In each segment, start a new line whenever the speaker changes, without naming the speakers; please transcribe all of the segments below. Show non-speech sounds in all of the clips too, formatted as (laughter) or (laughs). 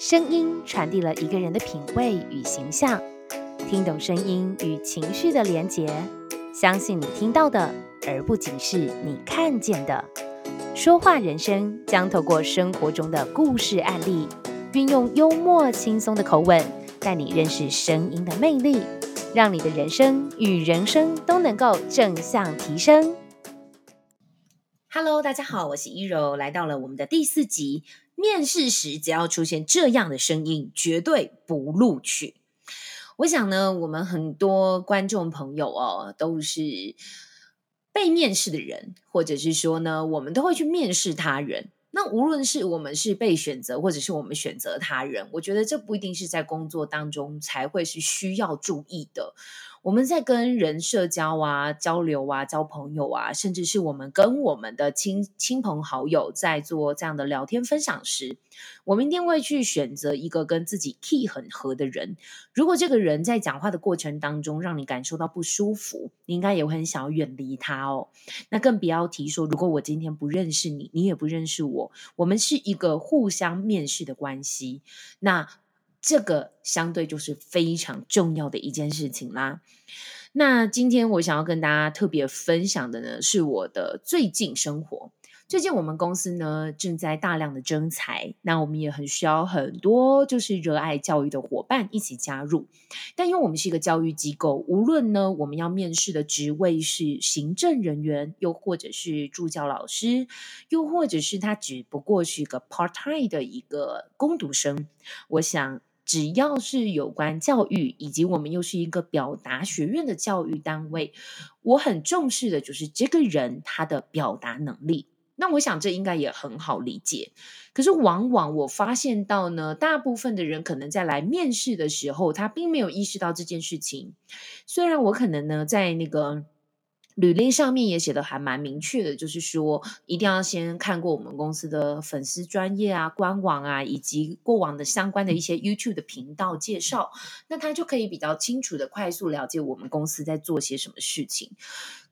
聲音傳遞了一個人的品味與形象，聽懂聲音與情緒的連結，相信你聽到的，而不僅是你看見的。說話人生將透過生活中的故事案例，運用幽默輕鬆的口吻，帶你認識聲音的魅力，讓你的人生與人生都能夠正向提升。Hello，大家好，我是一柔，來到了我們的第四集。面試時，只要出現這樣的聲音，絕對不錄取。我想呢，我們很多觀眾朋友哦，都是被面試的人，或者是說呢，我們都會去面試他人。那無論是我們是被選擇，或者是我們選擇他人，我覺得這不一定是在工作當中才會是需要注意的。我們在跟人社交啊、交流啊、交朋友啊，甚至是我們跟我們的親親朋好友在做這樣的聊天分享時，我們一定會去選擇一個跟自己 key 很合的人。如果這個人在講話的過程當中讓你感受到不舒服，你應該也會很想要遠離他哦。那更不要提說，如果我今天不認識你，你也不認識我，我們是一個互相面試的關係，那。這個相對就是非常重要的一件事情啦。那今天我想要跟大家特別分享的呢，是我的最近生活。最近我們公司呢正在大量的徵才，那我們也很需要很多就是熱愛教育的夥伴一起加入。但因為我們是一個教育機構，無論呢我們要面試的職位是行政人員，又或者是助教老師，又或者是他只不過是一個 part time 的一個工讀生，我想。只要是有關教育，以及我們又是一個表達學院的教育單位，我很重視的就是這個人他的表達能力。那我想這應該也很好理解。可是往往我發現到呢，大部分的人可能在來面試的時候，他並沒有意識到這件事情。雖然我可能呢，在那個。履歷上面也寫得還蠻明確的，就是說一定要先看過我們公司的粉絲專頁啊、官網啊，以及過往的相關的一些 YouTube 的頻道介紹，那他就可以比較清楚的快速了解我們公司在做些什麼事情。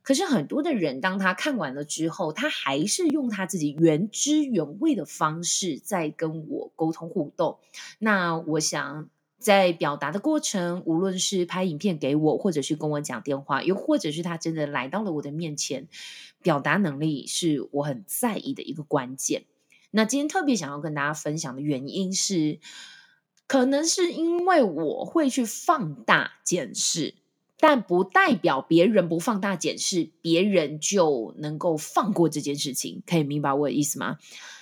可是很多的人當他看完了之後，他還是用他自己原汁原味的方式在跟我溝通互動，那我想。在表達的過程，無論是拍影片給我，或者是跟我講電話，又或者是他真的來到了我的面前，表達能力是我很在意的一個關鍵。那今天特別想要跟大家分享的原因是，可能是因為我會去放大檢視，但不代表別人不放大檢視，別人就能夠放過這件事情。可以明白我的意思嗎？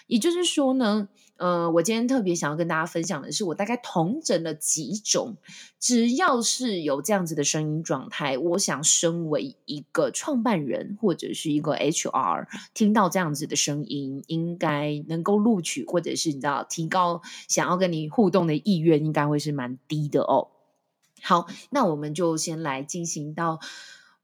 也就是說呢，呃，我今天特別想要跟大家分享的是，我大概統整了幾種，只要是有這樣子的聲音狀態，我想身為一個創辦人或者是一個 HR，聽到這樣子的聲音，應該能夠錄取或者是你知道提高想要跟你互動的意願，應該會是蠻低的哦。好，那我們就先來進行到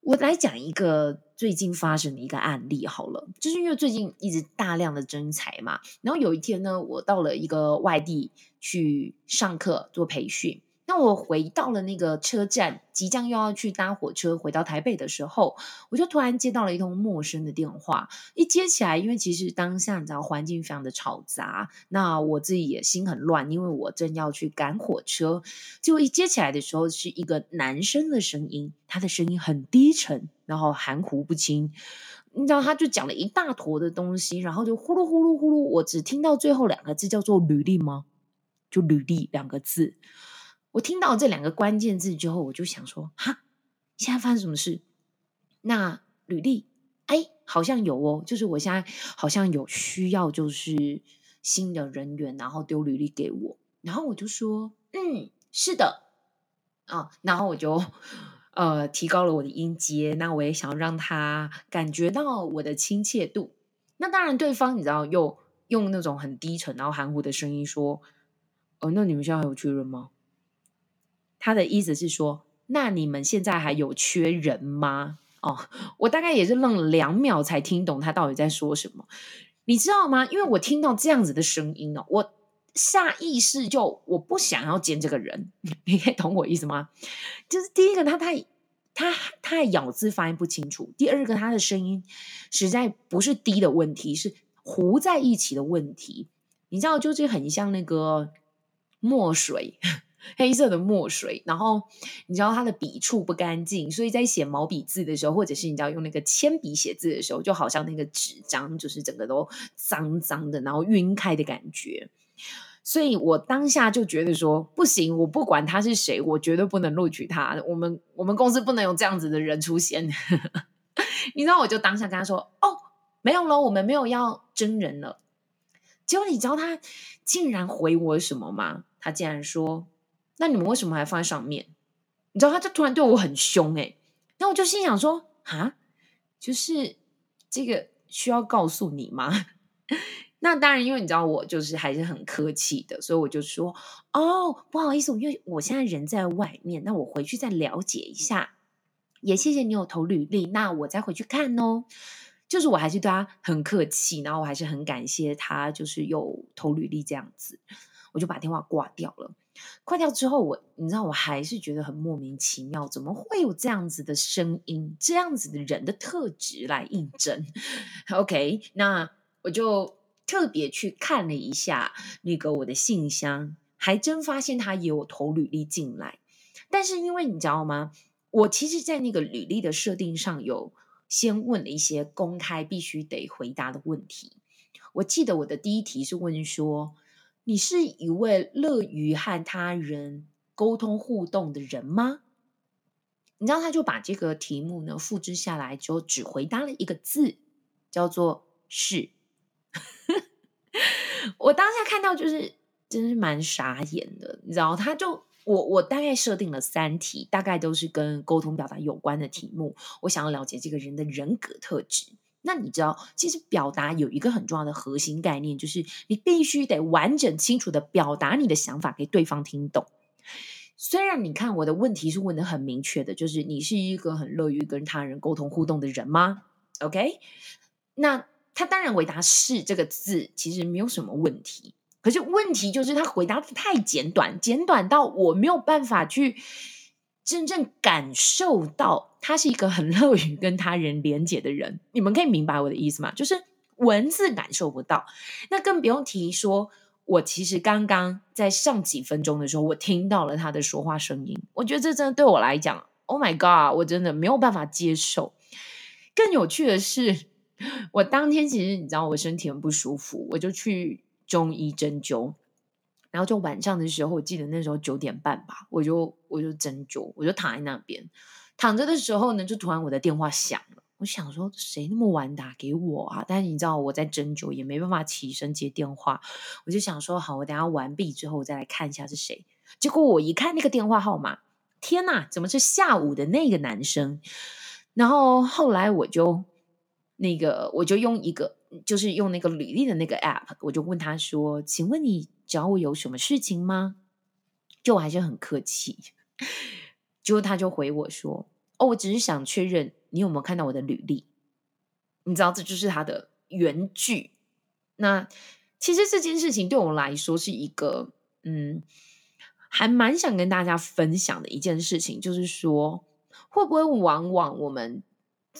我來講一個。最近發生的一個案例，好了，就是因為最近一直大量的徵才嘛，然後有一天呢，我到了一個外地去上課做培訓。當我回到了那個車站，即將又要去搭火車回到台北的時候，我就突然接到了一通陌生的電話。一接起來，因為其實當下你知道環境非常的嘈雜，那我自己也心很亂，因為我正要去趕火車。就一接起來的時候，是一個男生的聲音，他的聲音很低沉，然後含糊不清。你知道，他就講了一大坨的東西，然後就呼嚕呼嚕呼嚕，我只聽到最後兩個字叫做“履歷”嗎？就“履歷”兩個字。我聽到這兩個關鍵字之後，我就想說：哈，現在發生什麼事？那履歷，哎，好像有哦，就是我現在好像有需要，就是新的人員，然後丟履歷給我。然後我就說：嗯，是的，啊，然後我就呃提高了我的音階。那我也想要讓他感覺到我的親切度。那當然，對方你知道又用那種很低沉然後含糊的聲音說：哦，那你們現在還有缺人嗎？他的意思是說，那你們現在還有缺人嗎？哦，我大概也是愣了兩秒才聽懂他到底在說什麼。你知道嗎？因為我聽到這樣子的聲音哦，我下意識就我不想要見這個人。你可以懂我意思嗎？就是第一個，他太他，他太咬字發音不清楚；第二個，他的聲音實在不是低的問題，是糊在一起的問題。你知道，就是很像那個墨水，黑色的墨水，然後你知道他的筆觸不乾淨，所以在寫毛筆字的時候，或者是你知道用那個鉛筆寫字的時候，就好像那個紙張就是整個都髒髒的，然後暈開的感覺。所以我當下就覺得說不行，我不管他是誰，我絕對不能錄取他。我們我們公司不能有這樣子的人出現。 (laughs) 你知道，我就當下跟他說：“哦，沒有了，我們沒有要徵人了。”結果你知道他竟然回我什麼嗎？他竟然說。那你們為什麼還放在上面？你知道，他就突然對我很凶誒、欸，那我就心想說，啊，就是這個需要告訴你嗎？ (laughs) 那當然，因為你知道我就是還是很客氣的，所以我就說，哦，不好意思，因為我現在人在外面，那我回去再了解一下。也謝謝你有投履歷，那我再回去看哦。就是我還是對他很客氣，然後我還是很感謝他，就是有投履歷這樣子，我就把電話掛掉了。掛掉之後我，我你知道我還是覺得很莫名其妙，怎麼會有這樣子的聲音，這樣子的人的特質來應徵？OK，那我就特別去看了一下那個我的信箱，還真發現他也有投履歷進來。但是因為你知道嗎，我其實，在那個履歷的設定上有先問了一些公開必須得回答的問題。我記得我的第一題是問說。你是一位樂於和他人溝通互動的人嗎？你知道，他就把這個題目呢複製下來，就只回答了一個字，叫做“是。” (laughs) 我當下看到，就是真是蠻傻眼的。你知道，他就我我大概設定了三題，大概都是跟溝通表達有關的題目。我想要了解這個人的人格特質。那你知道，其實表達有一個很重要的核心概念，就是你必須得完整清楚的表達你的想法給對方聽懂。雖然你看我的問題是問得很明確的，就是你是一個很樂於跟他人溝通互動的人嗎？OK？那他當然回答是這個字，其實沒有什麼問題。可是問題就是他回答得太簡短，簡短到我沒有辦法去。真正感受到他是一個很樂於跟他人連接的人，你們可以明白我的意思嗎？就是文字感受不到，那更不用提說。我其實剛剛在上幾分鐘的時候，我聽到了他的說話聲音，我覺得這真的對我來講，Oh my god，我真的沒有辦法接受。更有趣的是，我當天其實你知道我身體很不舒服，我就去中醫針灸。然後就晚上的時候，我記得那時候九點半吧，我就我就針灸，我就躺在那邊躺着的時候呢，就突然我的電話響了。我想說誰那麼晚打、啊、給我啊？但是你知道我在針灸也沒辦法起身接電話，我就想說好，我等下完畢之後我再來看一下是誰。結果我一看那個電話號碼，天吶，怎麼是下午的那個男生？然後後來我就那個我就用一個就是用那個履歷的那個 app，我就問他說，請問你？找我有什麼事情嗎？就我還是很客氣。結果他就回我說：“哦，我只是想確認你有沒有看到我的履歷。”你知道這就是他的原句。那其實這件事情對我們來說是一個，嗯，還蠻想跟大家分享的一件事情，就是說會不會往往我們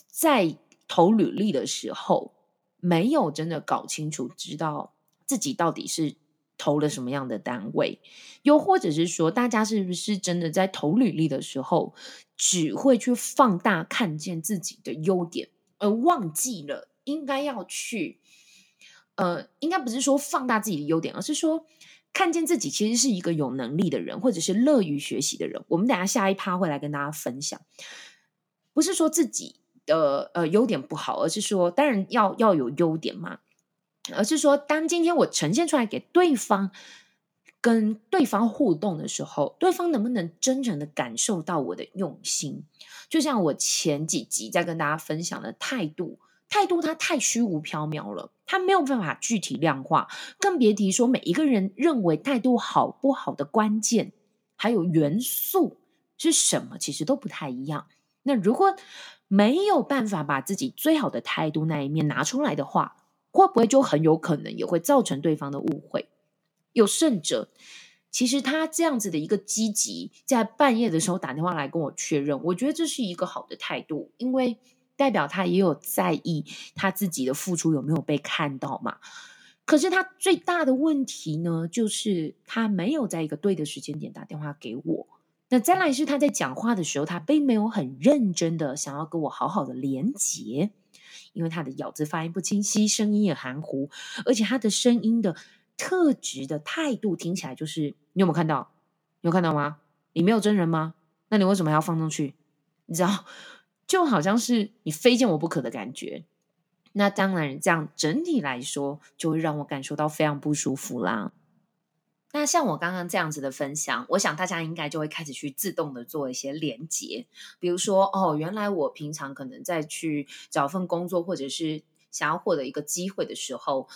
在投履歷的時候，沒有真的搞清楚，知道自己到底是。投了什麼樣的單位，又或者是說，大家是不是真的在投履歷的時候，只會去放大看見自己的優點，而忘記了應該要去，呃，應該不是說放大自己的優點，而是說看見自己其實是一個有能力的人，或者是樂於學習的人。我們等一下下一趴會來跟大家分享，不是說自己的呃，呃優點不好，而是說當然要要有優點嘛。而是說，當今天我呈現出來給對方，跟對方互動的時候，對方能不能真誠的感受到我的用心？就像我前幾集在跟大家分享的態度，態度它太虛無縹緲了，它沒有辦法具體量化，更別提說每一個人認為態度好不好的關鍵還有元素是什麼，其實都不太一樣。那如果沒有辦法把自己最好的態度那一面拿出來的話，會不會就很有可能也會造成對方的誤會？有甚者，其實他這樣子的一個積極，在半夜的時候打電話來跟我確認，我覺得這是一個好的態度，因為代表他也有在意他自己的付出有沒有被看到嘛。可是他最大的問題呢，就是他沒有在一個對的時間點打電話給我。那再來是他在講話的時候，他並沒有很認真的想要跟我好好的連結。因為他的咬字發音不清晰，聲音也含糊，而且他的聲音的特質的態度聽起來就是，你有沒有看到？你有看到嗎？你沒有真人嗎？那你為什麼要放上去？你知道，就好像是你非見我不可的感覺。那當然，這樣整體來說就會讓我感受到非常不舒服啦。那像我剛剛這樣子的分享，我想大家應該就會開始去自動的做一些連結，比如說哦，原來我平常可能在去找份工作，或者是想要獲得一個機會的時候，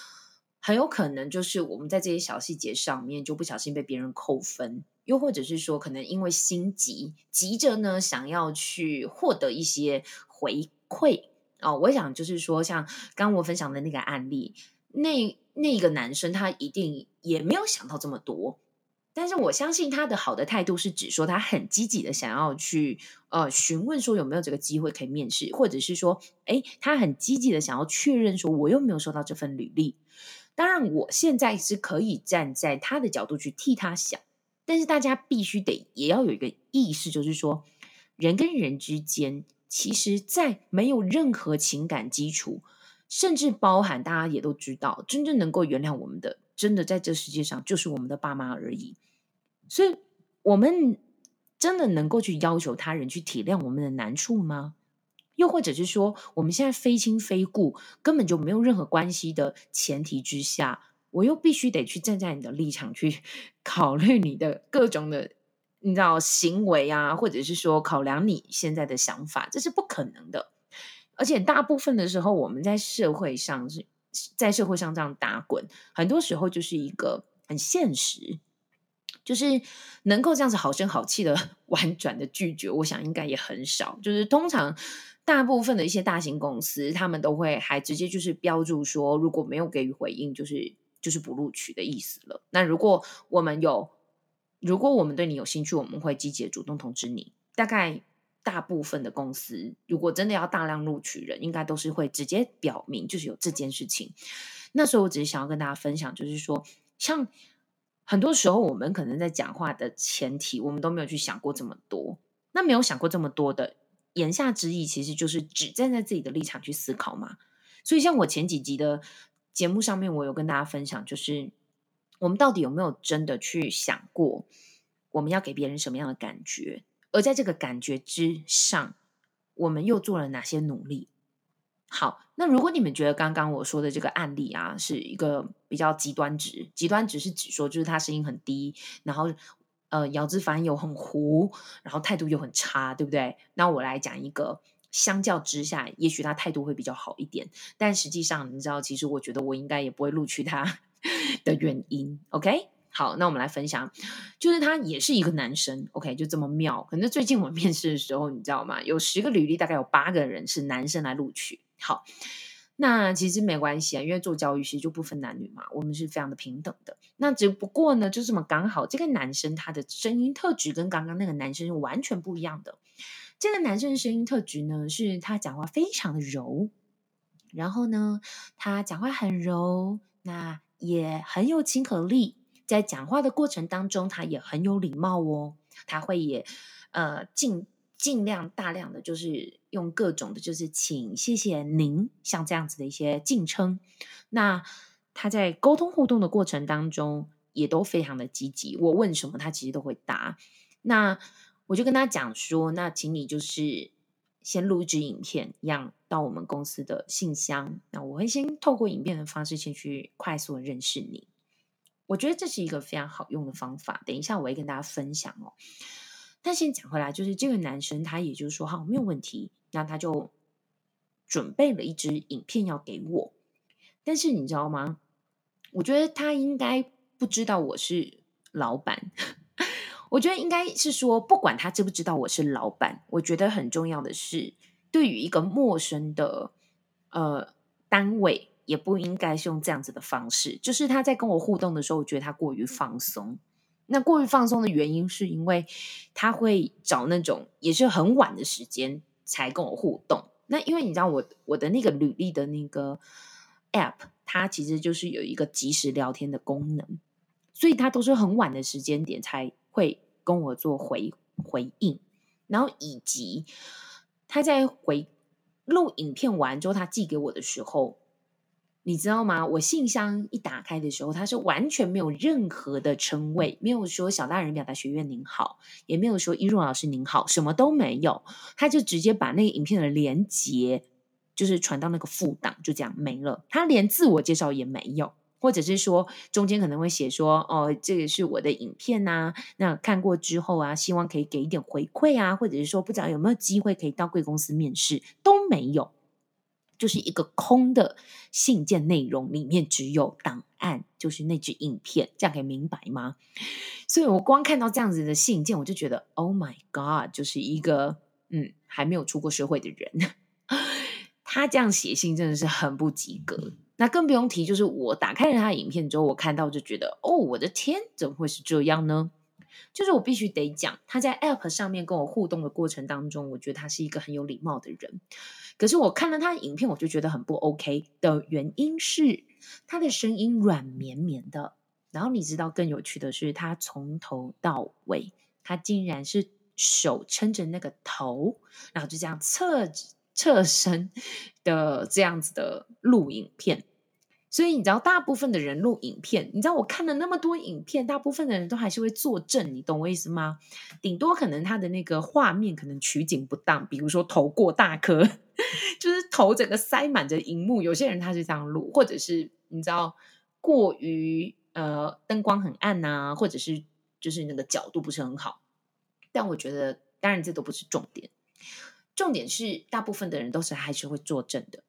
很有可能就是我們在這些小細節上面就不小心被別人扣分，又或者是說可能因為心急，急着呢想要去獲得一些回饋哦，我想就是說像剛剛我分享的那個案例。那那個男生他一定也沒有想到這麼多，但是我相信他的好的態度是指說，他很積極的想要去呃詢問說有沒有這個機會可以面試，或者是說哎，他很積極的想要確認說我有沒有收到這份履歷。當然我現在是可以站在他的角度去替他想，但是大家必須得也要有一個意識，就是說人跟人之間其實在沒有任何情感基礎。甚至包含大家也都知道，真正能夠原諒我們的，真的在這世界上就是我們的爸媽而已。所以，我們真的能夠去要求他人去體諒我們的難處嗎？又或者是說，我們現在非親非故，根本就沒有任何關係的前提之下，我又必須得去站在你的立場去考慮你的各種的，你知道行為啊，或者是說考量你現在的想法，這是不可能的。而且大部分的時候，我們在社會上是在社會上這樣打滾，很多時候就是一個很現實，就是能夠這樣子好聲好氣的婉轉的拒絕，我想應該也很少。就是通常大部分的一些大型公司，他們都會還直接就是標注說，如果沒有給予回應，就是就是不錄取的意思了。那如果我們有，如果我們對你有興趣，我們會積極主動通知你。大概。大部分的公司，如果真的要大量錄取人，應該都是會直接表明就是有這件事情。那時候我只是想要跟大家分享，就是說，像很多時候我們可能在講話的前提，我們都沒有去想過這麼多。那沒有想過這麼多的言下之意，其實就是只站在自己的立場去思考嘛。所以，像我前幾集的節目上面，我有跟大家分享，就是我們到底有沒有真的去想過，我們要給別人什麼樣的感覺？而在這個感覺之上，我們又做了哪些努力？好，那如果你們覺得剛剛我說的這個案例啊，是一個比較極端值，極端值是指說，就是他聲音很低，然後呃咬字發音又很糊，然後態度又很差，對不對？那我來講一個相較之下，也許他態度會比較好一點，但實際上你知道，其實我覺得我應該也不會錄取他的原因，OK？好，那我們來分享，就是他也是一個男生，OK，就這麼妙。可能最近我面試的時候，你知道嗎？有十個履歷，大概有八個人是男生來錄取。好，那其實沒關係啊，因為做教育其實就不分男女嘛，我們是非常的平等的。那只不過呢，就這麼剛好，這個男生他的聲音特質跟剛剛那個男生是完全不一樣的。這個男生的聲音特質呢，是他講話非常的柔，然後呢，他講話很柔，那也很有親和力。在講話的過程當中，他也很有禮貌哦。他會也呃盡盡量大量的就是用各種的，就是請謝謝您，像這樣子的一些敬稱。那他在溝通互動的過程當中，也都非常的積極。我問什麼，他其實都會答。那我就跟他講說，那請你就是先錄製影片，讓到我們公司的信箱。那我會先透過影片的方式，先去快速認識你。我覺得這是一個非常好用的方法，等一下我會跟大家分享哦。但先講回來，就是這個男生他也就說，好沒有問題，那他就準備了一支影片要給我。但是你知道嗎？我覺得他應該不知道我是老闆。 (laughs) 我覺得應該是說，不管他知不知道我是老闆，我覺得很重要的是，對於一個陌生的呃單位。也不應該是用這樣子的方式，就是他在跟我互動的時候，我覺得他過於放鬆。那過於放鬆的原因是因為他會找那種也是很晚的時間才跟我互動。那因為你知道我我的那個履歷的那個 app，它其實就是有一個即時聊天的功能，所以他都是很晚的時間點才會跟我做回回應。然後以及他在回錄影片完之後，他寄給我的時候。你知道嗎？我信箱一打開的時候，他是完全沒有任何的稱謂，沒有說“小大人表達學院您好”，也沒有說“一若老師您好”，什麼都沒有。他就直接把那個影片的連接，就是傳到那個副檔，就這樣沒了。他連自我介紹也沒有，或者是說中間可能會寫說：“哦，這個是我的影片吶、啊，那看過之後啊，希望可以給一點回饋啊，或者是說不知道有沒有機會可以到貴公司面試”，都沒有。就是一個空的信件，內容裡面只有檔案，就是那支影片，這樣可以明白嗎？所以我光看到這樣子的信件，我就覺得，Oh my God，就是一個嗯還沒有出過社會的人， (laughs) 他這樣寫信真的是很不及格。那更不用提，就是我打開了他的影片之後，我看到就覺得，哦，我的天，怎麼會是這樣呢？就是我必須得講，他在 App 上面跟我互動的過程當中，我覺得他是一個很有禮貌的人。可是我看了他的影片，我就覺得很不 OK 的原因是，他的聲音軟綿綿的。然後你知道更有趣的是，他從頭到尾，他竟然是手撐着那個頭，然後就這樣側側身的這樣子的錄影片。所以你知道，大部分的人錄影片，你知道我看了那麼多影片，大部分的人都還是會坐正，你懂我意思嗎？頂多可能他的那個畫面可能取景不當，比如說頭過大顆，就是頭整個塞滿着熒幕，有些人他是這樣錄，或者是你知道過於呃燈光很暗啊，或者是就是那個角度不是很好。但我覺得，當然這都不是重點，重點是大部分的人都是還是會坐正的。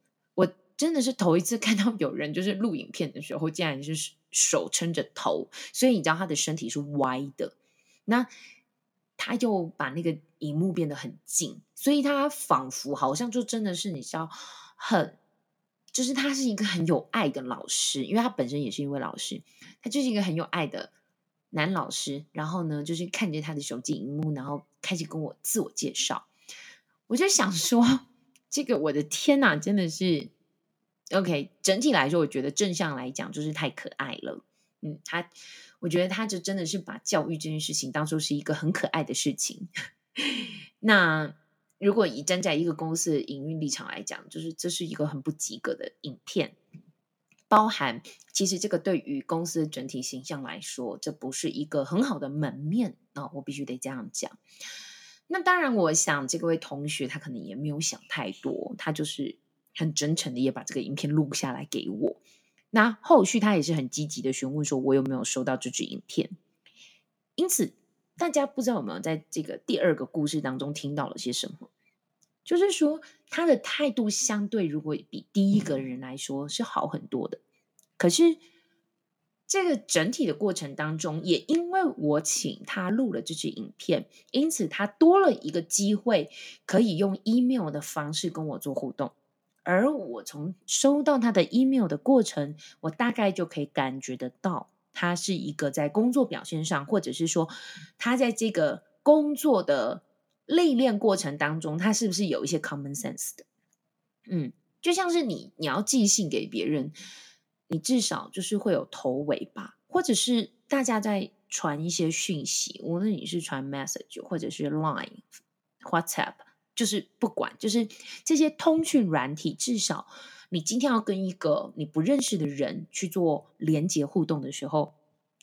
真的是頭一次看到有人就是錄影片的時候，竟然是手撐着頭，所以你知道他的身體是歪的。那他又把那個熒幕變得很近，所以他仿佛好像就真的是你知道，很就是他是一個很有愛的老師，因為他本身也是一位老師，他就是一個很有愛的男老師。然後呢，就是看着他的手機熒幕，然後開始跟我自我介紹。我就想說，這個我的天哪，真的是！OK，整體來說，我覺得正向來講就是太可愛了。嗯，他，我覺得他就真的是把教育這件事情當做是一個很可愛的事情。 (laughs) 那如果以站在一個公司的營運立場來講，就是這是一個很不及格的影片，包含其實這個對於公司整體形象來說，這不是一個很好的門面啊，哦，我必須得這樣講。那當然，我想這個位同學他可能也沒有想太多，他就是。很真誠的，也把這個影片錄下來給我。那後續他也是很積極的詢問，說我有沒有收到這支影片。因此，大家不知道有沒有在這個第二個故事當中聽到了些什麼？就是說，他的態度相對如果比第一個人來說是好很多的。可是，這個整體的過程當中，也因為我請他錄了這支影片，因此他多了一個機會可以用 email 的方式跟我做互動。而我從收到他的 email 的過程，我大概就可以感覺得到，他是一個在工作表現上，或者是說，他在這個工作的歷練過程當中，他是不是有一些 common sense 的？嗯，就像是你你要寄信給別人，你至少就是會有頭尾吧，或者是大家在傳一些訊息，無論你是傳 message 或者是 line、WhatsApp。就是不管，就是這些通訊軟體，至少你今天要跟一個你不認識的人去做連接互動的時候，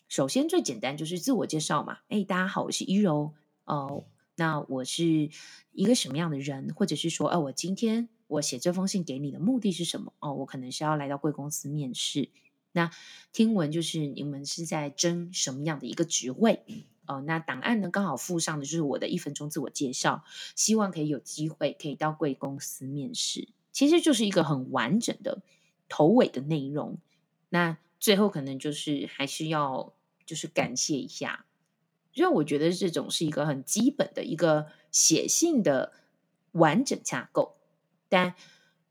首先最簡單就是自我介紹嘛。誒、哎、大家好，我是一柔，哦、呃，那我是一個什麼樣的人，或者是說，哦、呃，我今天我寫這封信給你的目的是什麼？哦、呃，我可能是要來到貴公司面試。那聽聞就是你們是在爭什麼樣的一個職位？哦，那檔案呢？剛好附上的就是我的一分鐘自我介紹，希望可以有機會可以到貴公司面試。其實就是一個很完整的頭尾的內容。那最後可能就是還是要就是感謝一下，因為我覺得這種是一個很基本的一個寫信的完整架構。但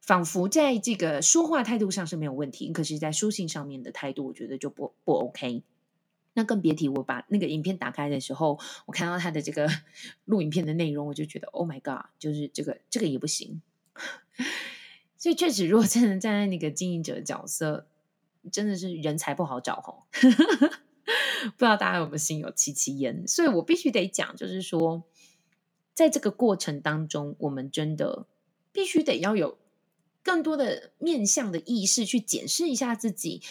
仿佛在這個說話態度上是沒有問題，可是，在書信上面的態度，我覺得就不不 OK。那更別提，我把那個影片打開的時候，我看到他的這個錄影片的內容，我就覺得，Oh my god，就是這個這個也不行。所以確實，如果真的站在那個經營者的角色，真的是人才不好找哦。 (laughs) 不知道大家有沒有心有戚戚焉？所以我必須得講，就是說，在這個過程當中，我們真的必須得要有更多的面向的意識，去檢視一下自己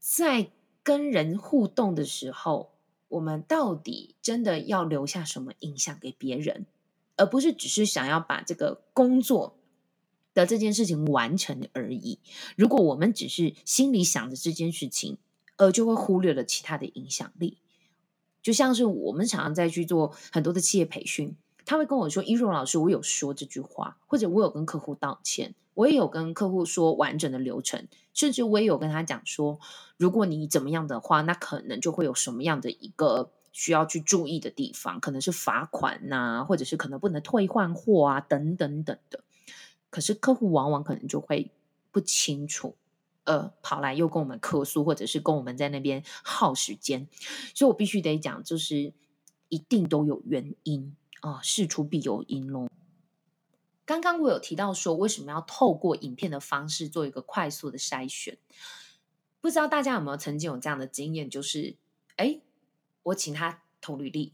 在。跟人互動的時候，我們到底真的要留下什麼影響給別人，而不是只是想要把這個工作的這件事情完成而已？如果我們只是心裡想着這件事情，而就會忽略了其他的影響力。就像是我們常常在去做很多的企業培訓。他會跟我說：“伊若老師，我有說這句話，或者我有跟客戶道歉，我也有跟客戶說完整的流程，甚至我也有跟他講說，如果你怎麼樣的話，那可能就會有什麼樣的一個需要去注意的地方，可能是罰款吶、啊，或者是可能不能退換貨啊，等、等等等的。可是客戶往往可能就會不清楚，呃，跑來又跟我們客訴，或者是跟我們在那邊耗時間，所以我必須得講，就是一定都有原因。”哦，事出必有因嘍、哦。剛剛我有提到說，為什麼要透過影片的方式做一個快速的篩選？不知道大家有沒有曾經有這樣的經驗，就是，誒，我請他投履歷，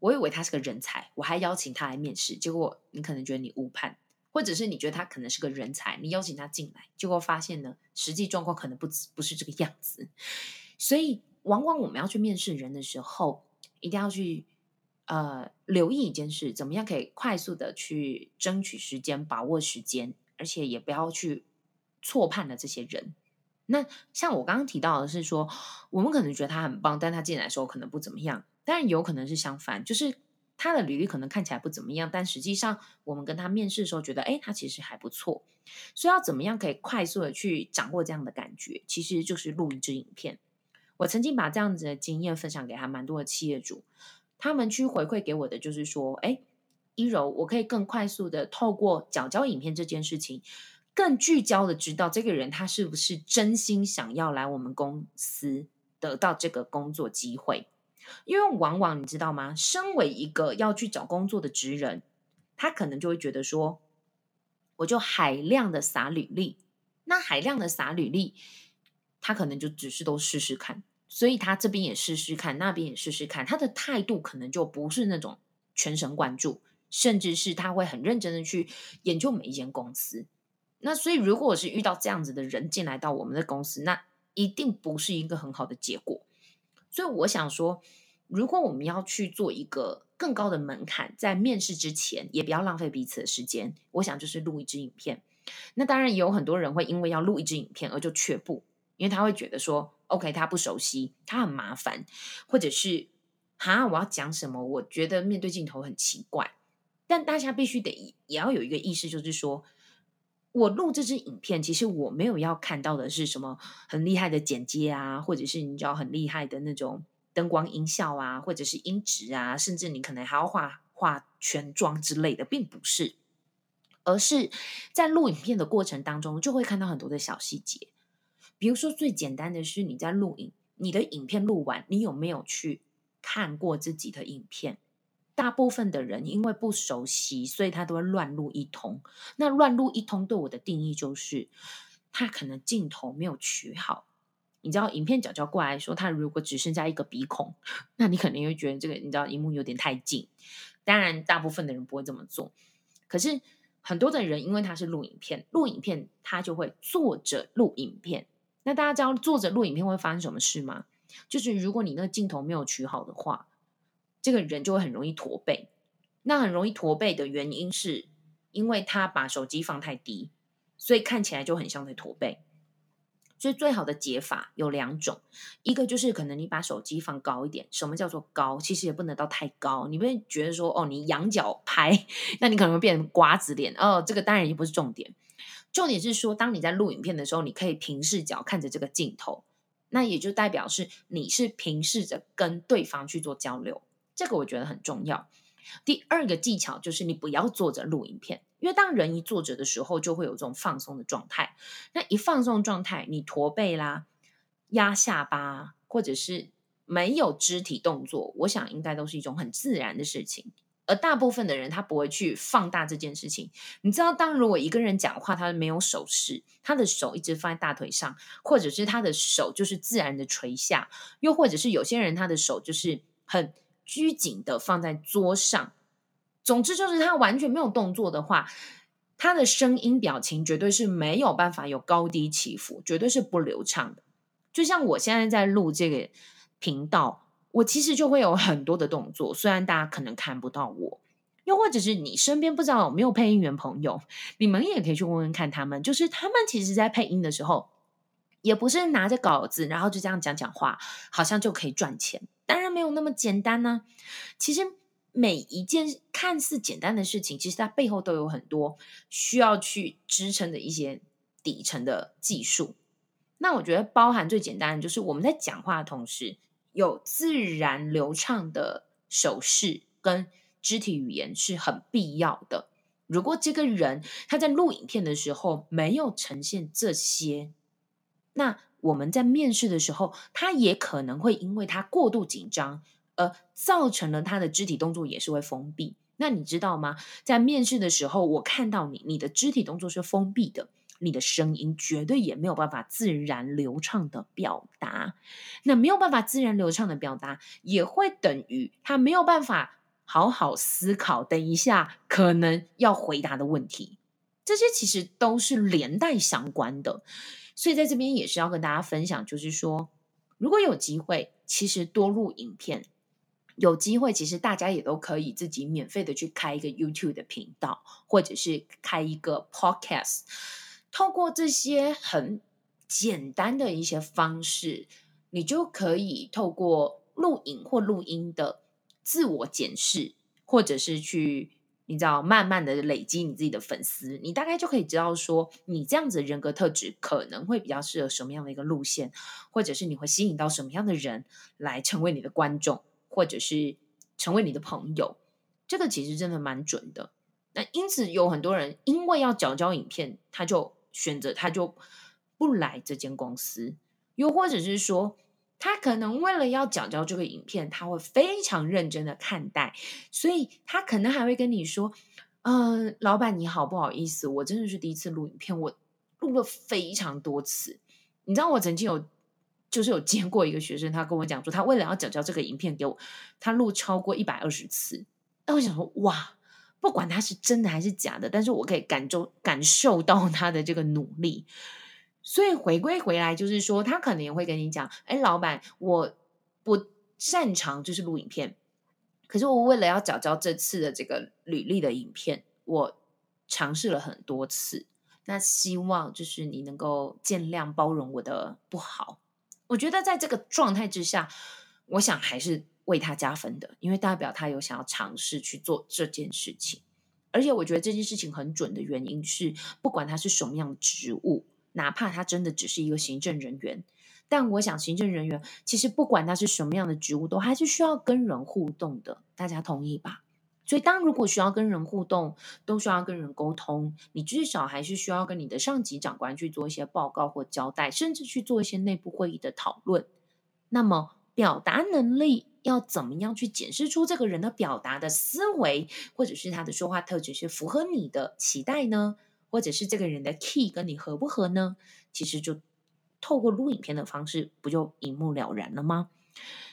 我以為他是個人才，我還邀請他來面試，結果你可能覺得你誤判，或者是你覺得他可能是個人才，你邀請他進來，結果發現呢，實際狀況可能不是不是這個樣子。所以，往往我們要去面試人的時候，一定要去。呃，留意一件事，怎麼樣可以快速的去爭取時間、把握時間，而且也不要去錯判了這些人。那像我剛剛提到的是說，我們可能覺得他很棒，但他進來的時候可能不怎麼樣，但有可能是相反，就是他的履歷可能看起來不怎麼樣，但實際上我們跟他面試的時候覺得，哎，他其實還不錯。所以要怎麼樣可以快速的去掌握這樣的感覺？其實就是錄一支影片。我曾經把這樣子的經驗分享給還蠻多的企業主。他們去回饋給我的就是說，哎、欸，一柔，我可以更快速的透過繳交影片這件事情，更聚焦的知道這個人他是不是真心想要來我們公司得到這個工作機會。因為往往你知道嗎，身為一個要去找工作的職人，他可能就會覺得說，我就海量的撒履歷，那海量的撒履歷，他可能就只是都試試看。所以他這邊也試試看，那邊也試試看，他的態度可能就不是那種全神貫注，甚至是他會很認真的去研究每一間公司。那所以如果是遇到這樣子的人進來到我們的公司，那一定不是一個很好的結果。所以我想說，如果我們要去做一個更高的門檻，在面試之前也不要浪費彼此的時間，我想就是錄一支影片。那當然也有很多人會因為要錄一支影片而就卻步。因為他會覺得說，OK，他不熟悉，他很麻煩，或者是，哈，我要講什麼？我覺得面對鏡頭很奇怪。但大家必須得也要有一個意識，就是說，我錄這支影片，其實我沒有要看到的是什麼很厲害的剪接啊，或者是你知道很厲害的那種燈光音效啊，或者是音質啊，甚至你可能還要化化全妝之類的，並不是，而是在錄影片的過程當中，就會看到很多的小細節。比如說，最簡單的是你在錄影，你的影片錄完，你有沒有去看過自己的影片？大部分的人因為不熟悉，所以他都會亂錄一通。那亂錄一通對我的定義就是，他可能鏡頭沒有取好。你知道，影片角角過來說，他如果只剩下一個鼻孔，那你肯定會覺得這個你知道，熒幕有點太近。當然，大部分的人不會這麼做。可是很多的人因為他是錄影片，錄影片他就會坐着錄影片。那大家知道坐着錄影片會發生什麼事嗎？就是如果你那個鏡頭沒有取好的話，這個人就會很容易駝背。那很容易駝背的原因是因為他把手機放太低，所以看起來就很像在駝背。所以最好的解法有兩種，一個就是可能你把手機放高一點。什麼叫做高？其實也不能到太高，你不會覺得說哦，你仰角拍，那你可能會變成瓜子臉哦。這個當然也不是重點。重點是說，當你在錄影片的時候，你可以平視角看着這個鏡頭，那也就代表是你是平視着跟對方去做交流。這個我覺得很重要。第二個技巧就是你不要坐着錄影片，因為當人一坐着的時候，就會有這種放鬆的狀態。那一放鬆狀態，你駝背啦、壓下巴，或者是沒有肢體動作，我想應該都是一種很自然的事情。而大部分的人，他不會去放大這件事情。你知道，當如果一個人講話，他沒有手勢，他的手一直放在大腿上，或者是他的手就是自然的垂下，又或者是有些人他的手就是很拘謹的放在桌上。總之，就是他完全沒有動作的話，他的聲音表情絕對是沒有辦法有高低起伏，絕對是不流暢的。就像我現在在錄這個頻道。我其實就會有很多的動作，雖然大家可能看不到我，又或者是你身邊不知道有沒有配音員朋友，你們也可以去問問看他們，就是他們其實，在配音的時候，也不是拿着稿子，然後就這樣講講話，好像就可以賺錢，當然沒有那麼簡單吶。其實每一件看似簡單的事情，其實它背後都有很多需要去支撐的一些底層的技術。那我覺得，包含最簡單的，就是我們在講話的同時。有自然流暢的手勢跟肢體語言是很必要的。如果這個人他在錄影片的時候沒有呈現這些，那我們在面試的時候，他也可能會因為他過度緊張，而造成了他的肢體動作也是會封閉。那你知道嗎？在面試的時候，我看到你，你的肢體動作是封閉的。你的聲音絕對也沒有辦法自然流暢的表達，那沒有辦法自然流暢的表達，也會等於他沒有辦法好好思考等一下可能要回答的問題。這些其實都是連帶相關的，所以在這邊也是要跟大家分享，就是說，如果有機會，其實多錄影片，有機會其實大家也都可以自己免費的去開一個 YouTube 的頻道，或者是開一個 Podcast。透過這些很簡單的一些方式，你就可以透過錄影或錄音的自我檢視，或者是去你知道慢慢的累積你自己的粉絲，你大概就可以知道說，你這樣子的人格特質可能會比較適合什麼樣的一個路線，或者是你會吸引到什麼樣的人來成為你的觀眾，或者是成為你的朋友。這個其實真的蠻準的。那因此有很多人因為要繳交影片，他就選擇，他就不來這間公司，又或者是說他可能為了要繳交這個影片，他會非常認真的看待，所以他可能還會跟你說：“嗯、呃，老闆你好，不好意思，我真的是第一次錄影片，我錄了非常多次。你知道我曾經有就是有見過一個學生，他跟我講說，他為了要繳交這個影片給我，他錄超過一百二十次。那我想說，哇！”不管他是真的還是假的，但是我可以感受感受到他的這個努力。所以回歸回來，就是說，他可能也會跟你講：“哎，老闆，我不擅長就是錄影片，可是我為了要交交這次的這個履歷的影片，我嘗試了很多次。那希望就是你能夠盡量包容我的不好。我覺得在這個狀態之下，我想還是。”為他加分的，因為代表他有想要嘗試去做這件事情，而且我覺得這件事情很準的原因是，不管他是什麼樣的職務，哪怕他真的只是一個行政人員，但我想行政人員其實不管他是什麼樣的職務，都還是需要跟人互動的，大家同意吧？所以，當如果需要跟人互動，都需要跟人溝通，你至少還是需要跟你的上級長官去做一些報告或交代，甚至去做一些內部會議的討論，那麼，表達能力要怎麼樣去檢視出這個人的表達的思維，或者是他的說話特質是符合你的期待呢？或者是這個人的 key 跟你合不合呢？其實就透過錄影片的方式，不就一目了然了嗎？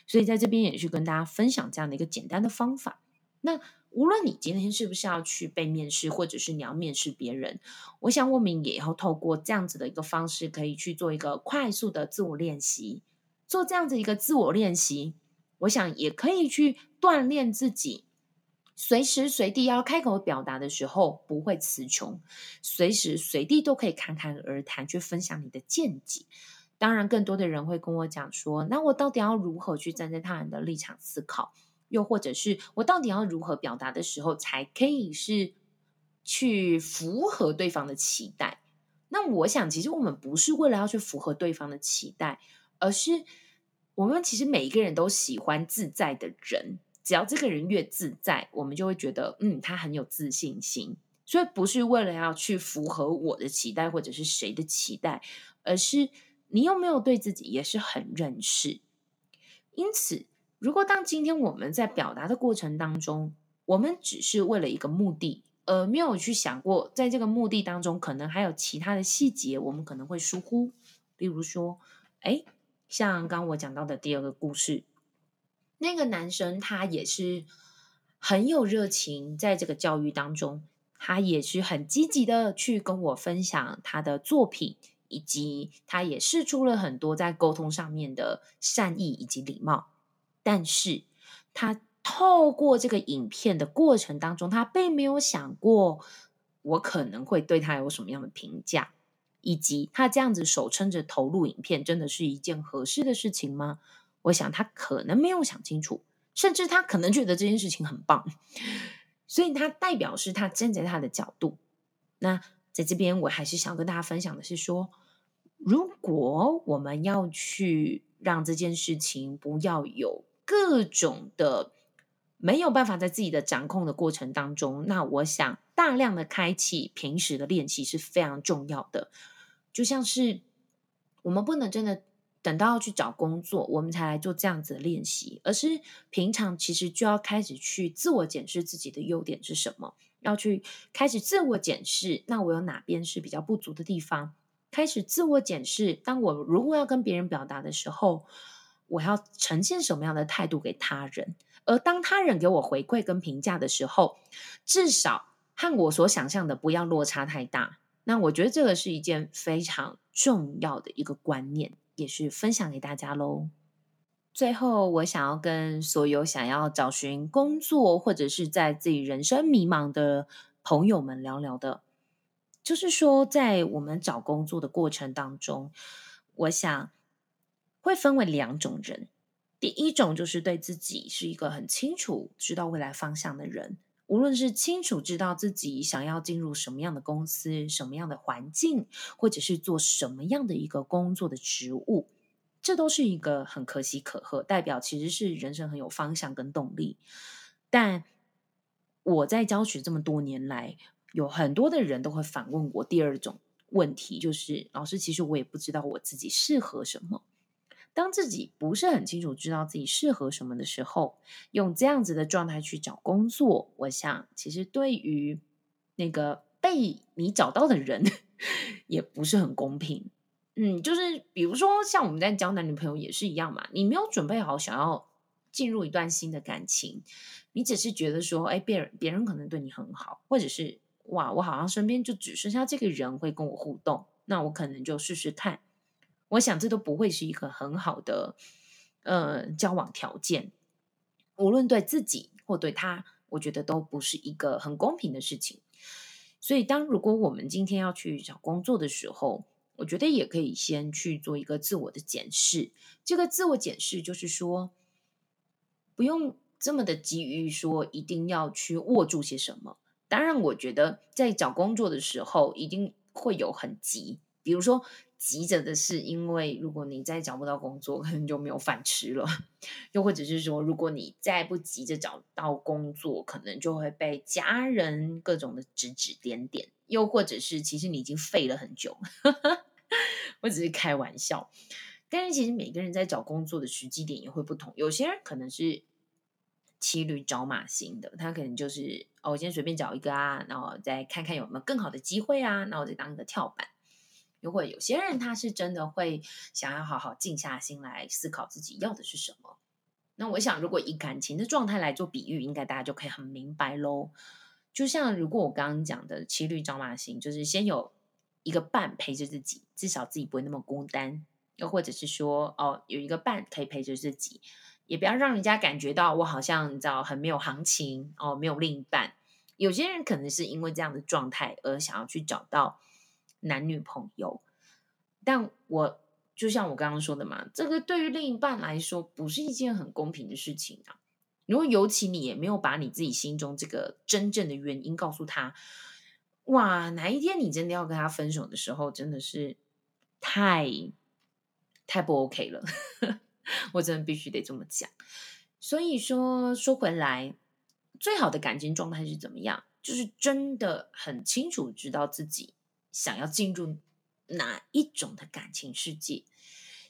所以在這邊也去跟大家分享這樣的一個簡單的方法。那無論你今天是不是要去被面試，或者是你要面試別人，我想我們也要透過這樣子的一個方式，可以去做一個快速的自我練習。做這樣子一個自我練習，我想也可以去鍛鍊自己，隨時隨地要開口表達的時候不會詞窮，隨時隨地都可以侃侃而談去分享你的見解。當然，更多的人會跟我講說，那我到底要如何去站在他人的立場思考？又或者是我到底要如何表達的時候才可以是去符合對方的期待？那我想，其實我們不是為了要去符合對方的期待。而是我們其實每一個人都喜歡自在的人，只要這個人越自在，我們就會覺得，嗯，他很有自信心。所以不是為了要去符合我的期待或者是誰的期待，而是你有沒有對自己也是很認識。因此，如果當今天我們在表達的過程當中，我們只是為了一個目的，而、呃、沒有去想過在這個目的當中，可能還有其他的細節，我們可能會疏忽，例如說，哎。像剛剛我講到的第二個故事，那個男生他也是很有熱情，在這個教育當中，他也是很積極的去跟我分享他的作品，以及他也釋出了很多在溝通上面的善意以及禮貌。但是，他透過這個影片的過程當中，他並沒有想過我可能會對他有什麼樣的評價。以及他這樣子手撐着投入影片，真的是一件合適的事情嗎？我想他可能沒有想清楚，甚至他可能覺得這件事情很棒，所以他代表是他站在他的角度。那在這邊，我還是想跟大家分享的是說，如果我們要去讓這件事情不要有各種的。沒有辦法在自己的掌控的過程當中，那我想大量的開啟平時的練習是非常重要的。就像是我們不能真的等到要去找工作，我們才來做這樣子的練習，而是平常其實就要開始去自我檢視自己的優點是什麼，要去開始自我檢視，那我有哪邊是比較不足的地方？開始自我檢視，當我如果要跟別人表達的時候，我要呈現什麼樣的態度給他人？而當他人給我回饋跟評價的時候，至少和我所想象的不要落差太大。那我覺得這個是一件非常重要的一個觀念，也是分享給大家咯。最後，我想要跟所有想要找尋工作或者是在自己人生迷茫的朋友們聊聊的，就是說，在我們找工作的過程當中，我想會分為兩種人。第一種就是對自己是一個很清楚，知道未來方向的人，無論是清楚知道自己想要進入什麼樣的公司、什麼樣的環境，或者是做什麼樣的一個工作的職務，這都是一個很可喜可賀，代表其實是人生很有方向跟動力。但我在教學這麼多年來，有很多的人都會反問我第二種問題，就是老師，其實我也不知道我自己適合什麼。當自己不是很清楚知道自己適合什麼的時候，用這樣子的狀態去找工作，我想其實對於那個被你找到的人，也不是很公平。嗯，就是比如說像我們在交男女朋友也是一樣嘛，你沒有準備好想要進入一段新的感情，你只是覺得說，哎，別人別人可能對你很好，或者是哇，我好像身邊就只剩下這個人會跟我互動，那我可能就試試看。我想，這都不會是一個很好的，呃，交往條件。無論對自己或對他，我覺得都不是一個很公平的事情。所以，當如果我們今天要去找工作的時候，我覺得也可以先去做一個自我的檢視。這個自我檢視就是說，不用這麼的急於說一定要去握住些什麼。當然，我覺得在找工作的時候，一定會有很急。比如說，急着的是，因為如果你再找不到工作，可能就沒有飯吃了；又或者是說，如果你再不急着找到工作，可能就會被家人各種的指指點點；又或者是，其實你已經廢了很久，呵呵，我只是開玩笑。但是其實每個人在找工作的時機點也會不同，有些人可能是騎驢找馬型的，他可能就是哦，我先隨便找一個啊，然後再看看有沒有更好的機會啊，那我再當一個跳板。如果有些人他是真的會想要好好靜下心來思考自己要的是什麼，那我想如果以感情的狀態來做比喻，應該大家就可以很明白嘍。就像如果我剛剛講的騎驢找馬型，就是先有一個伴陪着自己，至少自己不會那麼孤單；又或者是說哦，有一個伴可以陪着自己，也不要讓人家感覺到我好像你知道很沒有行情哦，沒有另一半。有些人可能是因為這樣的狀態而想要去找到。男女朋友，但我就像我剛剛說的嘛，這個對於另一半來說不是一件很公平的事情啊。如果尤其你也沒有把你自己心中這個真正的原因告訴他，哇，哪一天你真的要跟他分手的時候，真的是太太不 OK 了。 (laughs) 我真的必須得這麼講。所以說說回來，最好的感情狀態是怎麼樣？就是真的很清楚知道自己。想要進入哪一種的感情世界？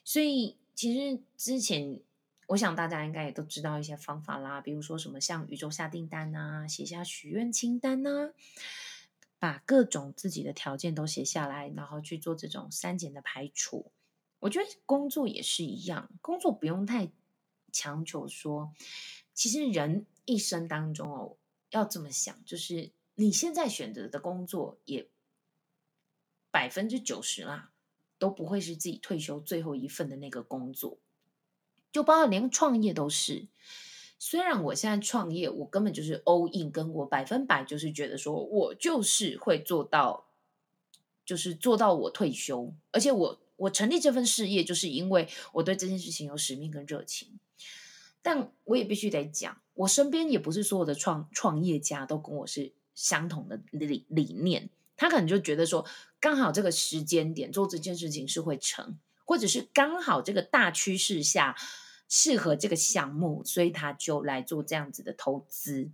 所以其實之前，我想大家應該也都知道一些方法啦，比如說什麼像宇宙下訂單啊，寫下許願清單啊，把各種自己的條件都寫下來，然後去做這種刪減的排除。我覺得工作也是一樣，工作不用太強求說。其實人一生當中哦，要這麼想，就是你現在選擇的工作也。百分之九十啦，都不會是自己退休最後一份的那個工作，就包括連創業都是。雖然我現在創業，我根本就是 all in，跟我百分百就是覺得說，我就是會做到，就是做到我退休。而且我我成立這份事業，就是因為我對這件事情有使命跟熱情。但我也必須得講，我身邊也不是所有的創創業家都跟我是相同的理理念，他可能就覺得說。剛好這個時間點做這件事情是會成，或者是剛好這個大趨勢下適合這個項目，所以他就來做這樣子的投資。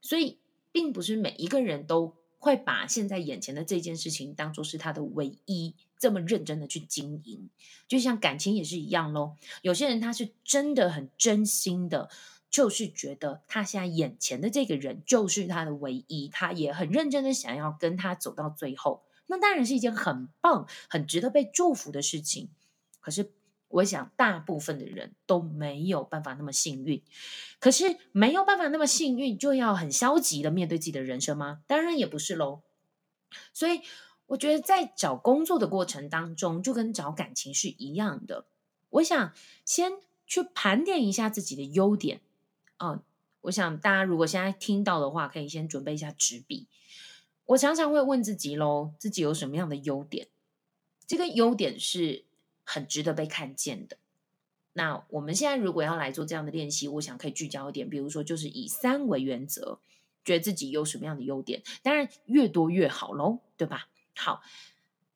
所以，並不是每一個人都會把現在眼前的這件事情當做是他的唯一，這麼認真的去經營。就像感情也是一樣咯，有些人他是真的很真心的，就是覺得他現在眼前的這個人就是他的唯一，他也很認真的想要跟他走到最後。那當然是一件很棒，很值得被祝福的事情。可是，我想大部分的人都沒有辦法那麼幸運。可是沒有辦法那麼幸運，就要很消極的面對自己的人生嗎？當然也不是嘍。所以，我覺得在找工作的過程當中，就跟找感情是一樣的。我想先去盤點一下自己的優點啊，嗯。我想大家如果現在聽到的話，可以先準備一下紙筆。我常常會問自己嘍，自己有什麼樣的優點？這個優點是很值得被看見的。那我們現在如果要來做這樣的練習，我想可以聚焦一點，比如說就是以三為原則，覺得自己有什麼樣的優點？當然越多越好嘍，對吧？好，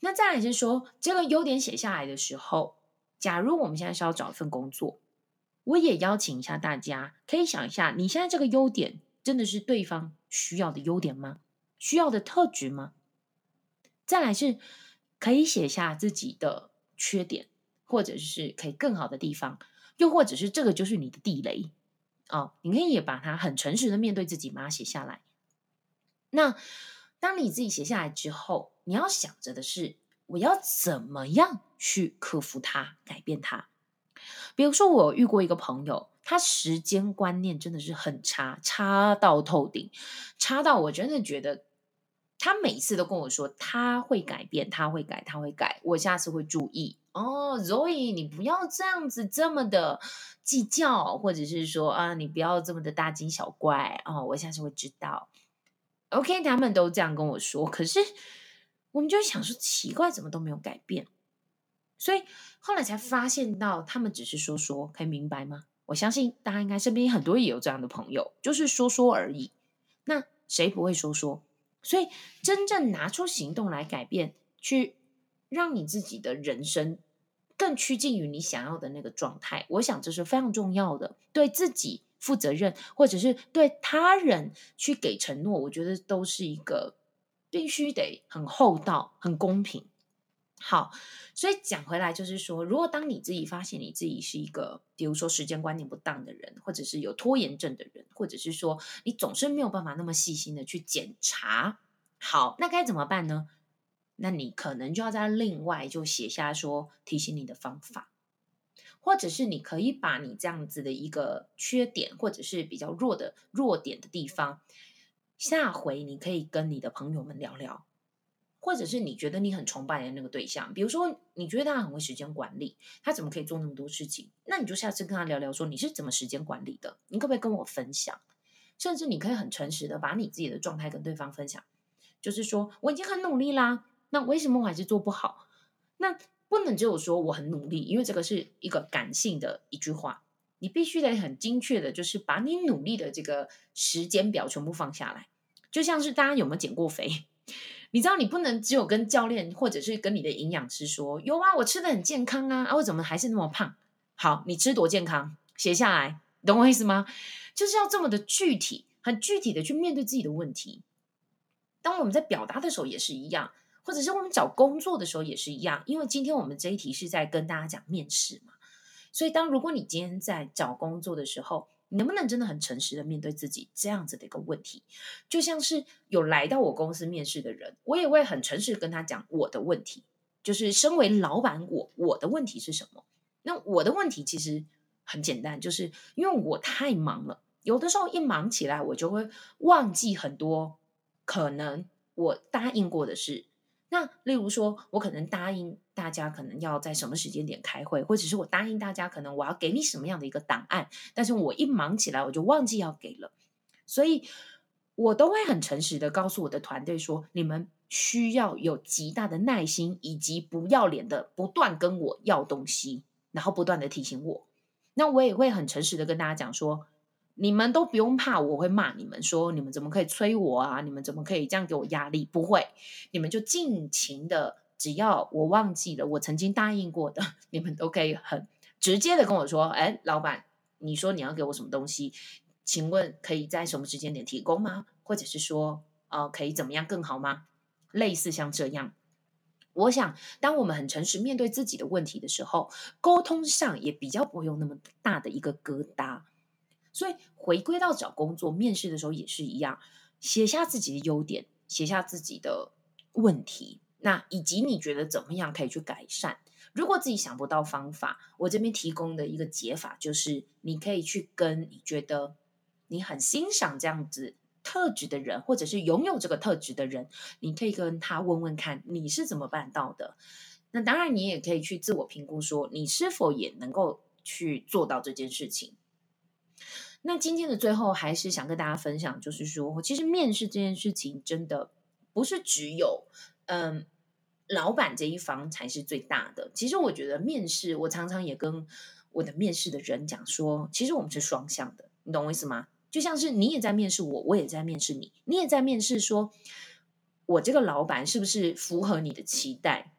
那再來就是說，這個優點寫下來的時候，假如我們現在是要找一份工作，我也邀請一下大家，可以想一下，你現在這個優點真的是對方需要的優點嗎？需要的特質嗎？再來是，可以寫下自己的缺點，或者是可以更好的地方，又或者是這個就是你的地雷，哦，你可以也把它很誠實的面對自己嘛，寫下來。那當你自己寫下來之後，你要想着的是，我要怎麼樣去克服它，改變它。比如說，我遇過一個朋友，他時間觀念真的是很差，差到透頂，差到我真的覺得。他每次都跟我說他會改變，他會改，他會改。我下次會注意哦。所以你不要這樣子這麼的計較，或者是說啊，你不要這麼的大驚小怪哦。我下次會知道。OK，他們都這樣跟我說，可是我們就想說奇怪，怎麼都沒有改變？所以後來才發現到他們只是說說，可以明白嗎？我相信大家應該身邊很多也有這樣的朋友，就是說說而已。那誰不會說說？所以，真正拿出行動來改變，去讓你自己的人生更趨近於你想要的那個狀態，我想這是非常重要的。對自己負責任，或者是對他人去給承諾，我覺得都是一個必須得很厚道、很公平。好，所以講回來，就是說，如果當你自己發現你自己是一個，比如說時間觀念不當的人，或者是有拖延症的人，或者是說你總是沒有辦法那麼細心的去檢查，好，那該怎麼辦呢？那你可能就要在另外就寫下說提醒你的方法，或者是你可以把你這樣子的一個缺點或者是比較弱的弱點的地方，下回你可以跟你的朋友們聊聊。或者是你覺得你很崇拜的那個對象，比如說你覺得他很會時間管理，他怎麼可以做那麼多事情？那你就下次跟他聊聊，說你是怎麼時間管理的？你可不可以跟我分享？甚至你可以很誠實的把你自己的狀態跟對方分享，就是說我已經很努力啦，那為什麼我還是做不好？那不能只有說我很努力，因為這個是一個感性的一句話，你必須得很精確的，就是把你努力的這個時間表全部放下來。就像是大家有沒有減過肥？你知道，你不能只有跟教練或者是跟你的營養師說，有啊，我吃得很健康啊，啊，我怎麼還是那麼胖？好，你吃多健康，寫下來，懂我意思嗎？就是要這麼的具體，很具體的去面對自己的問題。當我們在表達的時候也是一樣，或者是我們找工作的時候也是一樣，因為今天我們這一題是在跟大家講面試嘛，所以當如果你今天在找工作的時候。能不能真的很誠實的面對自己這樣子的一個問題？就像是有來到我公司面試的人，我也會很誠實跟他講我的問題。就是身為老板我，我我的問題是什麼？那我的問題其實很簡單，就是因為我太忙了，有的時候一忙起來，我就會忘記很多可能我答應過的事。那例如說，我可能答應。大家可能要在什麼時間點開會，或者是我答應大家，可能我要給你什麼樣的一個檔案，但是我一忙起來我就忘記要給了，所以我都會很誠實的告訴我的團隊說，你們需要有極大的耐心，以及不要臉的不斷跟我要東西，然後不斷的提醒我。那我也會很誠實的跟大家講說，你們都不用怕我，我會罵你們說，你們怎麼可以催我啊？你們怎麼可以這樣給我壓力？不會，你們就盡情的。只要我忘記了我曾經答應過的，你們都可以很直接的跟我說：“哎，老闆，你說你要給我什麼東西？請問可以在什麼時間點提供嗎？或者是說，呃，可以怎麼樣更好嗎？”類似像這樣，我想，當我們很誠實面對自己的問題的時候，溝通上也比較不會有那麼大的一個疙瘩。所以，回歸到找工作面試的時候也是一樣，寫下自己的優點，寫下自己的問題。那以及你覺得怎麼樣可以去改善？如果自己想不到方法，我這邊提供的一個解法就是，你可以去跟你覺得你很欣賞這樣子特質的人，或者是擁有這個特質的人，你可以跟他問問看你是怎麼辦到的。那當然，你也可以去自我評估，說你是否也能夠去做到這件事情。那今天的最後，還是想跟大家分享，就是說，其實面試這件事情真的不是只有嗯。老闆這一方才是最大的。其實我覺得面試，我常常也跟我的面試的人講說，其實我們是雙向的，你懂我意思嗎？就像是你也在面試我，我也在面試你，你也在面試說我這個老闆是不是符合你的期待，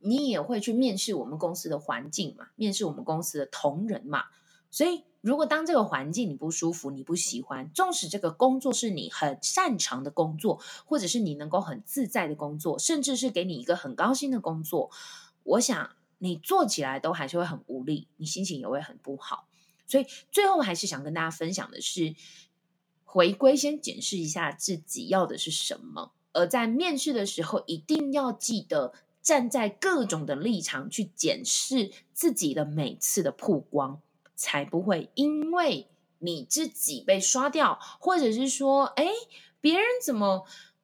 你也會去面試我們公司的環境嘛，面試我們公司的同仁嘛，所以。如果當這個環境你不舒服，你不喜歡，縱使這個工作是你很擅長的工作，或者是你能夠很自在的工作，甚至是給你一個很高薪的工作，我想你做起來都還是會很無力，你心情也會很不好。所以最後還是想跟大家分享的是，回歸先檢視一下自己要的是什麼，而在面試的時候一定要記得站在各種的立場去檢視自己的每次的曝光。才不會因為你自己被刷掉，或者是說，誒，別人怎麼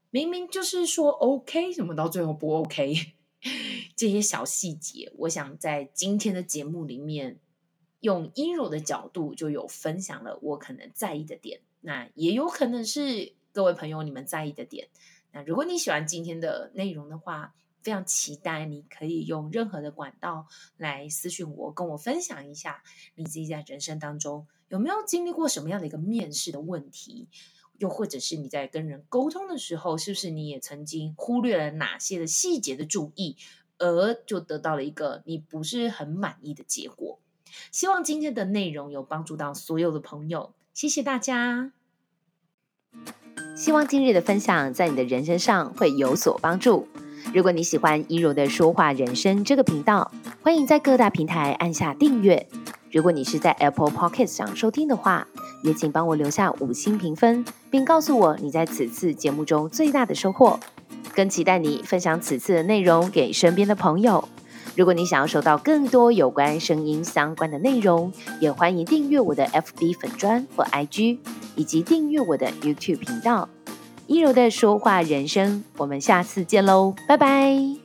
明明就是說 OK，怎麼到最後不 OK？ (laughs) 這些小細節，我想在今天的節目裡面，用陰柔的角度就有分享了我可能在意的點，那也有可能是各位朋友你們在意的點。那如果你喜歡今天的內容的話，非常期待你可以用任何的管道來私訊我，跟我分享一下你自己在人生當中有沒有經歷過什麼樣的一個面試的問題，又或者是你在跟人溝通的時候，是不是你也曾經忽略了哪些的細節的注意，而就得到了一個你不是很滿意的結果？希望今天的內容有幫助到所有的朋友，謝謝大家。希望今日的分享在你的人生上會有所幫助。如果你喜歡一柔的說話人生這個頻道，歡迎在各大平台按下訂閱。如果你是在 Apple Podcast 上收聽的話，也請幫我留下五星評分，並告訴我你在此次節目中最大的收穫。更期待你分享此次的內容給身邊的朋友。如果你想要收到更多有關聲音相關的內容，也歡迎訂閱我的 FB 粉專或 IG，以及訂閱我的 YouTube 頻道。溫柔的說話，人生，我們下次見嘍，拜拜。